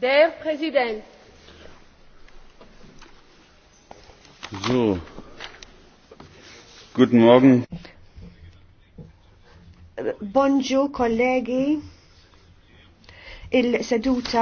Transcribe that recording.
Der Präsident. So. Guten Morgen. Bonjour, kollegi. Il-seduta